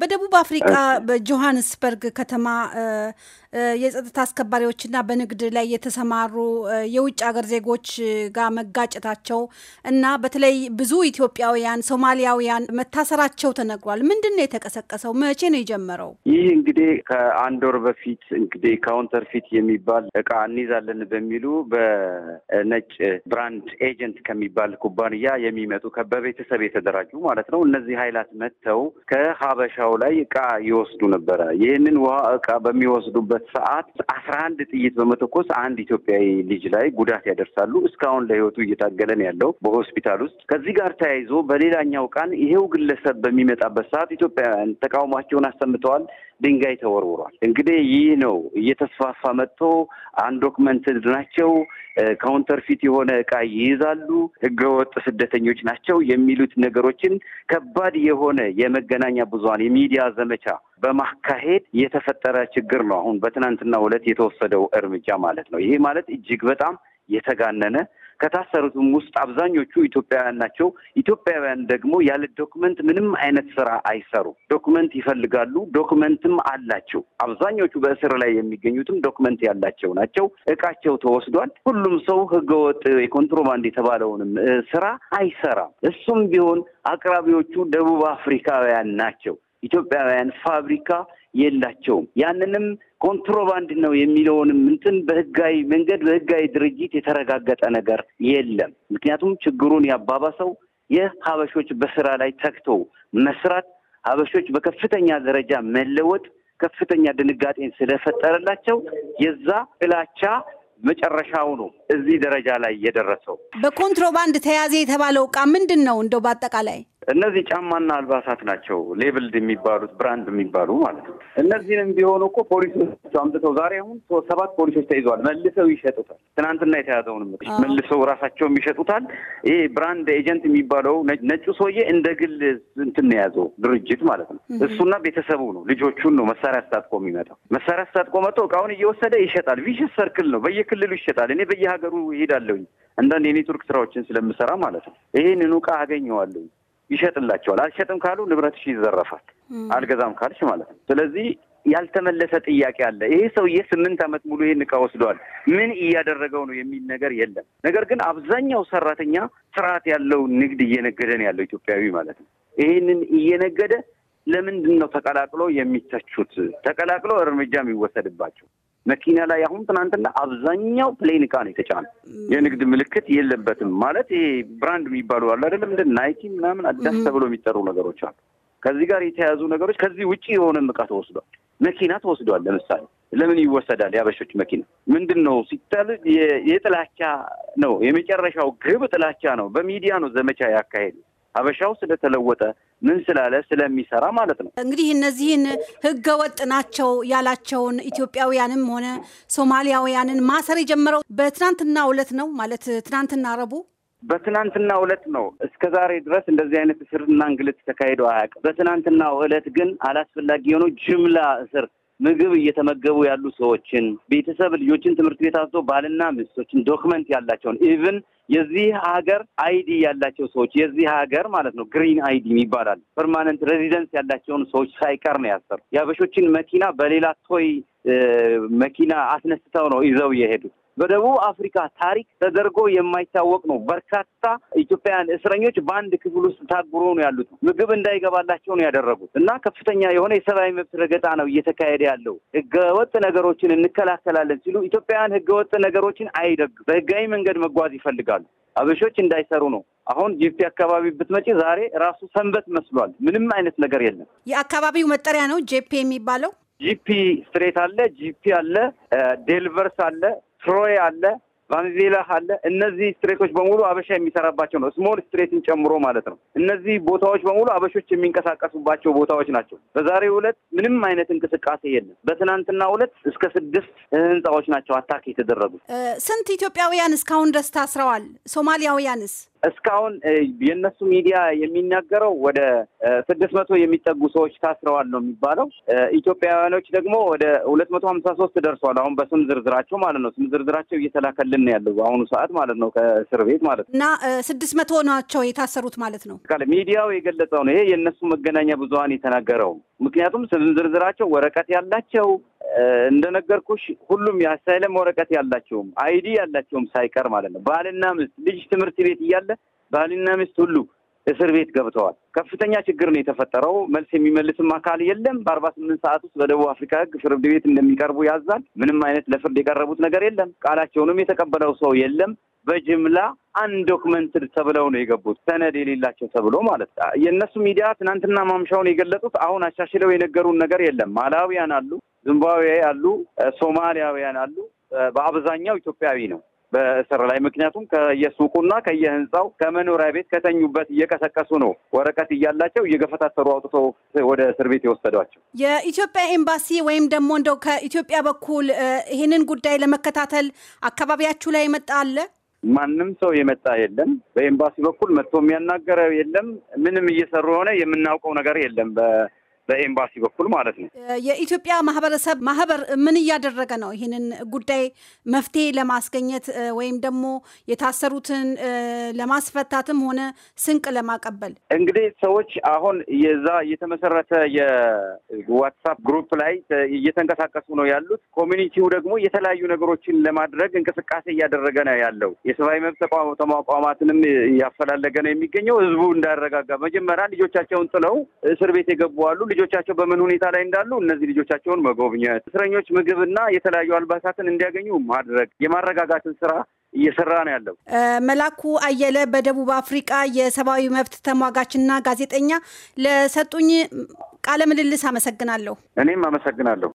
በደቡብ አፍሪካ በጆሃንስበርግ ከተማ የጸጥታ አስከባሪዎችና በንግድ ላይ የተሰማሩ የውጭ ሀገር ዜጎች ጋር መጋጨታቸው እና በተለይ ብዙ ኢትዮጵያውያን፣ ሶማሊያውያን መታሰራቸው ተነግሯል። ምንድን ነው የተቀሰቀሰው? መቼ ነው የጀመረው? ይህ እንግዲህ ከአንድ ወር በፊት እንግዲህ ካውንተር ፊት የሚባል እቃ እንይዛለን በሚሉ በነጭ ብራንድ ኤጀንት ከሚባል ኩባንያ የሚመጡ በቤተሰብ የተደራጁ ማለት ነው እነዚህ ኃይላት መጥተው ከሀበ መጨረሻው ላይ እቃ ይወስዱ ነበረ። ይህንን ውሃ እቃ በሚወስዱበት ሰዓት አስራ አንድ ጥይት በመተኮስ አንድ ኢትዮጵያዊ ልጅ ላይ ጉዳት ያደርሳሉ። እስካሁን ለህይወቱ እየታገለ ያለው በሆስፒታል ውስጥ። ከዚህ ጋር ተያይዞ በሌላኛው ቀን ይሄው ግለሰብ በሚመጣበት ሰዓት ኢትዮጵያውያን ተቃውሟቸውን አሰምተዋል። ድንጋይ ተወርውሯል። እንግዲህ ይህ ነው እየተስፋፋ መጥቶ አንድ ዶክመንትድ ናቸው፣ ካውንተርፊት የሆነ እቃ ይይዛሉ፣ ህገወጥ ስደተኞች ናቸው የሚሉት ነገሮችን ከባድ የሆነ የመገናኛ ብዙሀን የሚዲያ ዘመቻ በማካሄድ የተፈጠረ ችግር ነው። አሁን በትናንትና ዕለት የተወሰደው እርምጃ ማለት ነው። ይሄ ማለት እጅግ በጣም የተጋነነ ከታሰሩትም ውስጥ አብዛኞቹ ኢትዮጵያውያን ናቸው። ኢትዮጵያውያን ደግሞ ያለ ዶክመንት ምንም አይነት ስራ አይሰሩ ዶክመንት ይፈልጋሉ። ዶክመንትም አላቸው። አብዛኞቹ በእስር ላይ የሚገኙትም ዶክመንት ያላቸው ናቸው። እቃቸው ተወስዷል። ሁሉም ሰው ህገወጥ የኮንትሮባንድ የተባለውንም ስራ አይሰራም። እሱም ቢሆን አቅራቢዎቹ ደቡብ አፍሪካውያን ናቸው። ኢትዮጵያውያን ፋብሪካ የላቸውም። ያንንም ኮንትሮባንድ ነው የሚለውንም እንትን በህጋዊ መንገድ በህጋዊ ድርጅት የተረጋገጠ ነገር የለም። ምክንያቱም ችግሩን ያባባሰው የሀበሾች በስራ ላይ ተግተው መስራት፣ ሀበሾች በከፍተኛ ደረጃ መለወጥ ከፍተኛ ድንጋጤን ስለፈጠረላቸው የዛ ጥላቻ መጨረሻው ነው እዚህ ደረጃ ላይ የደረሰው። በኮንትሮባንድ ተያዘ የተባለው እቃ ምንድን ነው እንደው በአጠቃላይ እነዚህ ጫማና አልባሳት ናቸው ሌብልድ የሚባሉት ብራንድ የሚባሉ ማለት ነው። እነዚህንም ቢሆኑ እኮ ፖሊሶች አምጥተው ዛሬ አሁን ሰባት ፖሊሶች ተይዘዋል። መልሰው ይሸጡታል። ትናንትና የተያዘውን መልሰው ራሳቸውም ይሸጡታል። ይሄ ብራንድ ኤጀንት የሚባለው ነጩ ሰውዬ እንደ ግል እንትን የያዘው ድርጅት ማለት ነው። እሱና ቤተሰቡ ነው ልጆቹን ነው መሳሪያ አስታጥቆ የሚመጣው። መሳሪያ አስታጥቆ መጥቶ እቃውን እየወሰደ ይሸጣል። ቪሽስ ሰርክል ነው። በየክልሉ ይሸጣል። እኔ በየሀገሩ ይሄዳለሁኝ አንዳንድ የኔትወርክ ስራዎችን ስለምሰራ ማለት ነው። ይህንን እቃ አገኘዋለሁ ይሸጥላቸዋል። አልሸጥም ካሉ ንብረትሽ ይዘረፋል፣ አልገዛም ካልሽ ማለት ነው። ስለዚህ ያልተመለሰ ጥያቄ አለ። ይሄ ሰውዬ ስምንት ዓመት ሙሉ ይህን እቃ ወስደዋል፣ ምን እያደረገው ነው የሚል ነገር የለም። ነገር ግን አብዛኛው ሰራተኛ ስርዓት ያለው ንግድ እየነገደ ነው ያለው ኢትዮጵያዊ ማለት ነው። ይህንን እየነገደ ለምንድን ነው ተቀላቅሎ የሚተቹት? ተቀላቅሎ እርምጃ የሚወሰድባቸው? መኪና ላይ አሁን ትናንትና አብዛኛው ፕሌን እቃ ነው የተጫነ። የንግድ ምልክት የለበትም ማለት ይሄ ብራንድ የሚባሉ አሉ አይደለም፣ እንደ ናይኪ ምናምን አዳስ ተብሎ የሚጠሩ ነገሮች አሉ። ከዚህ ጋር የተያያዙ ነገሮች ከዚህ ውጭ የሆነ እቃ ተወስዷል። መኪና ተወስዷል። ለምሳሌ ለምን ይወሰዳል? የአበሾች መኪና ምንድን ነው ሲታል የጥላቻ ነው። የመጨረሻው ግብ ጥላቻ ነው። በሚዲያ ነው ዘመቻ ያካሄዱ። ሀበሻው ስለተለወጠ ምን ስላለ ስለሚሰራ ማለት ነው። እንግዲህ እነዚህን ህገ ወጥ ናቸው ያላቸውን ኢትዮጵያውያንም ሆነ ሶማሊያውያንን ማሰር የጀመረው በትናንትና ዕለት ነው ማለት ትናንትና ረቡ በትናንትና ዕለት ነው። እስከ ዛሬ ድረስ እንደዚህ አይነት እስርና እንግልት ተካሂዶ አያውቅም። በትናንትና ዕለት ግን አላስፈላጊ የሆኑ ጅምላ እስር ምግብ እየተመገቡ ያሉ ሰዎችን፣ ቤተሰብ ልጆችን ትምህርት ቤት አስቶ ባልና ሚስቶችን፣ ዶክመንት ያላቸውን ኢቭን የዚህ ሀገር አይዲ ያላቸው ሰዎች የዚህ ሀገር ማለት ነው ግሪን አይዲ ይባላል ፐርማነንት ሬዚደንስ ያላቸውን ሰዎች ሳይቀር ነው ያሰሩ። የአበሾችን መኪና በሌላ ቶይ መኪና አስነስተው ነው ይዘው የሄዱት። በደቡብ አፍሪካ ታሪክ ተደርጎ የማይታወቅ ነው። በርካታ ኢትዮጵያውያን እስረኞች በአንድ ክፍል ውስጥ ታጉሮ ነው ያሉት። ምግብ እንዳይገባላቸው ነው ያደረጉት እና ከፍተኛ የሆነ የሰብአዊ መብት ረገጣ ነው እየተካሄደ ያለው። ህገወጥ ነገሮችን እንከላከላለን ሲሉ ኢትዮጵያውያን ህገወጥ ነገሮችን አይደግም። በህጋዊ መንገድ መጓዝ ይፈልጋሉ። አበሾች እንዳይሰሩ ነው። አሁን ጂፒ አካባቢ ብትመጪ ዛሬ ራሱ ሰንበት መስሏል። ምንም አይነት ነገር የለም። የአካባቢው መጠሪያ ነው ጄፒ የሚባለው። ጂፒ ስትሬት አለ፣ ጂፒ አለ፣ ዴልቨርስ አለ ትሮይ አለ፣ ቫንዚላህ አለ። እነዚህ ስትሬቶች በሙሉ አበሻ የሚሰራባቸው ነው፣ ስሞል ስትሬትን ጨምሮ ማለት ነው። እነዚህ ቦታዎች በሙሉ አበሾች የሚንቀሳቀሱባቸው ቦታዎች ናቸው። በዛሬው ዕለት ምንም አይነት እንቅስቃሴ የለም። በትናንትና ዕለት እስከ ስድስት ህንፃዎች ናቸው አታክ የተደረጉት። ስንት ኢትዮጵያውያን እስካሁን ደስ ታስረዋል? ሶማሊያውያንስ? እስካሁን የእነሱ ሚዲያ የሚናገረው ወደ ስድስት መቶ የሚጠጉ ሰዎች ታስረዋል ነው የሚባለው። ኢትዮጵያውያኖች ደግሞ ወደ ሁለት መቶ ሀምሳ ሶስት ደርሰዋል። አሁን በስም ዝርዝራቸው ማለት ነው። ስም ዝርዝራቸው እየተላከልን ያለው በአሁኑ ሰዓት ማለት ነው ከእስር ቤት ማለት ነው። እና ስድስት መቶ ናቸው የታሰሩት ማለት ነው። ሚዲያው የገለጸው ነው። ይሄ የእነሱ መገናኛ ብዙሀን የተናገረው ምክንያቱም ስንዝርዝራቸው ወረቀት ያላቸው እንደነገርኩሽ ሁሉም የአሳይለም ወረቀት ያላቸውም አይዲ ያላቸውም ሳይቀር ማለት ነው። ባልና ሚስት ልጅ ትምህርት ቤት እያለ ባልና ሚስት ሁሉ እስር ቤት ገብተዋል። ከፍተኛ ችግር ነው የተፈጠረው። መልስ የሚመልስም አካል የለም። በአርባ ስምንት ሰዓት ውስጥ በደቡብ አፍሪካ ሕግ ፍርድ ቤት እንደሚቀርቡ ያዛል። ምንም አይነት ለፍርድ የቀረቡት ነገር የለም። ቃላቸውንም የተቀበለው ሰው የለም። በጅምላ አንዶክመንትድ ተብለው ነው የገቡት፣ ሰነድ የሌላቸው ተብሎ ማለት ነው። የእነሱ ሚዲያ ትናንትና ማምሻውን የገለጡት አሁን አሻሽለው የነገሩን ነገር የለም። ማላዊያን አሉ፣ ዚምባብዌ አሉ፣ ሶማሊያውያን አሉ። በአብዛኛው ኢትዮጵያዊ ነው። በእስር ላይ። ምክንያቱም ከየሱቁና ከየህንፃው ከመኖሪያ ቤት ከተኙበት እየቀሰቀሱ ነው ወረቀት እያላቸው እየገፈታተሩ አውጥተው ወደ እስር ቤት የወሰዷቸው። የኢትዮጵያ ኤምባሲ ወይም ደግሞ እንደው ከኢትዮጵያ በኩል ይህንን ጉዳይ ለመከታተል አካባቢያችሁ ላይ መጣ አለ? ማንም ሰው የመጣ የለም። በኤምባሲ በኩል መጥቶ የሚያናገረው የለም። ምንም እየሰሩ የሆነ የምናውቀው ነገር የለም። በኤምባሲ በኩል ማለት ነው። የኢትዮጵያ ማህበረሰብ ማህበር ምን እያደረገ ነው? ይህንን ጉዳይ መፍትሄ ለማስገኘት ወይም ደግሞ የታሰሩትን ለማስፈታትም ሆነ ስንቅ ለማቀበል እንግዲህ ሰዎች አሁን የዛ የተመሰረተ የዋትሳፕ ግሩፕ ላይ እየተንቀሳቀሱ ነው ያሉት። ኮሚኒቲው ደግሞ የተለያዩ ነገሮችን ለማድረግ እንቅስቃሴ እያደረገ ነው ያለው። የሰብአዊ መብት ተቋማትንም እያፈላለገ ነው የሚገኘው። ህዝቡ እንዳረጋጋ መጀመሪያ ልጆቻቸውን ጥለው እስር ቤት የገቡ አሉ። ልጆቻቸው በምን ሁኔታ ላይ እንዳሉ እነዚህ ልጆቻቸውን መጎብኘት፣ እስረኞች ምግብና የተለያዩ አልባሳትን እንዲያገኙ ማድረግ የማረጋጋትን ስራ እየሰራ ነው ያለው። መላኩ አየለ በደቡብ አፍሪቃ የሰብአዊ መብት ተሟጋችና ጋዜጠኛ፣ ለሰጡኝ ቃለ ምልልስ አመሰግናለሁ። እኔም አመሰግናለሁ።